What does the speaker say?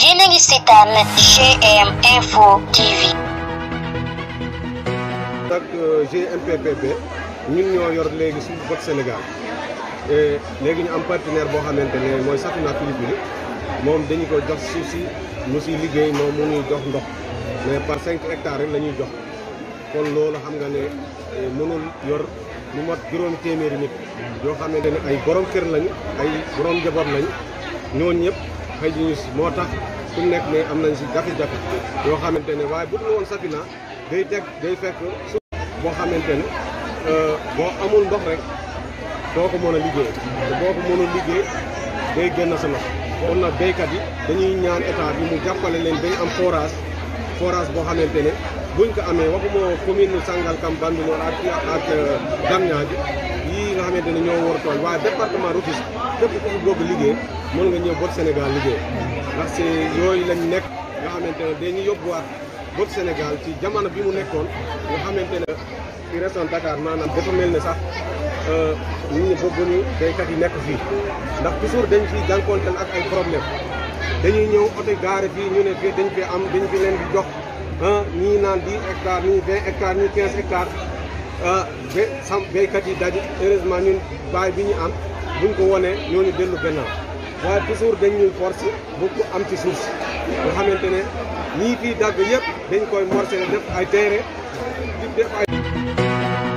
yéen a ngi seetaan GM Info euh, ñoo yor léegi suñu boot Sénégal léegi ñu am partenaire boo xamante ne mooy Safina Philippine moom dañu ko jox suuf si mu si liggéey moom mu ñuy jox ndox mais par cinq hectares rek la ñuy jox kon loolu xam nga ne euh, mënul yor lu mot juróom téeméeri nit yoo xamante ne ay borom kër lañu ay borom njaboot lañu. ñooñu ñëpp xëy moo tax ku nekk ne am nañ si jafe-jafe yoo xamante ne waaye bu dul woon Safina day teg day fekk su boo xamante ne euh, boo amul ndox rek doo ko mën liggéey te boo ko mën a day génn sa ndox kon nag béykat yi dañuy ñaan état bi mu jàppale leen dañ am forage forage boo xamante ne buñ ko amee waxuma commune Sangalkam Bambilor ak ak euh, Diamniadio nga xamante ne ñoo war tooñ waaye département Rufisque képp ku fi bëgg liggéey mën nga ñëw bot Sénégal liggéey ndax c'est yooyu lañ nekk nga xamante ne dañuy yóbbuwaat bot Sénégal ci jamono bi mu nekkoon nga xamante ne ci région Dakar maanaam dafa mel ne sax euh, nit ñi bëgguñu béykat yi nekk fii ndax toujours dañ fi jànkoontel ak ay problème dañuy ñëw oto gaare fii ñu ne fii dañ fi am dañ fi leen di jox ñii naan di hectares ñii 20 hectares ñii 15 hectares Ah, ba sam béykat yi daji heureusement ñun baay bi ñu am buñ ko wonee ñooñu dellu gannaaw waaye toujours dañ ñuy force bu ko am ci si nga xamante ne ñii fii dagg yëpp dañ koy morcé def ay teere di def ay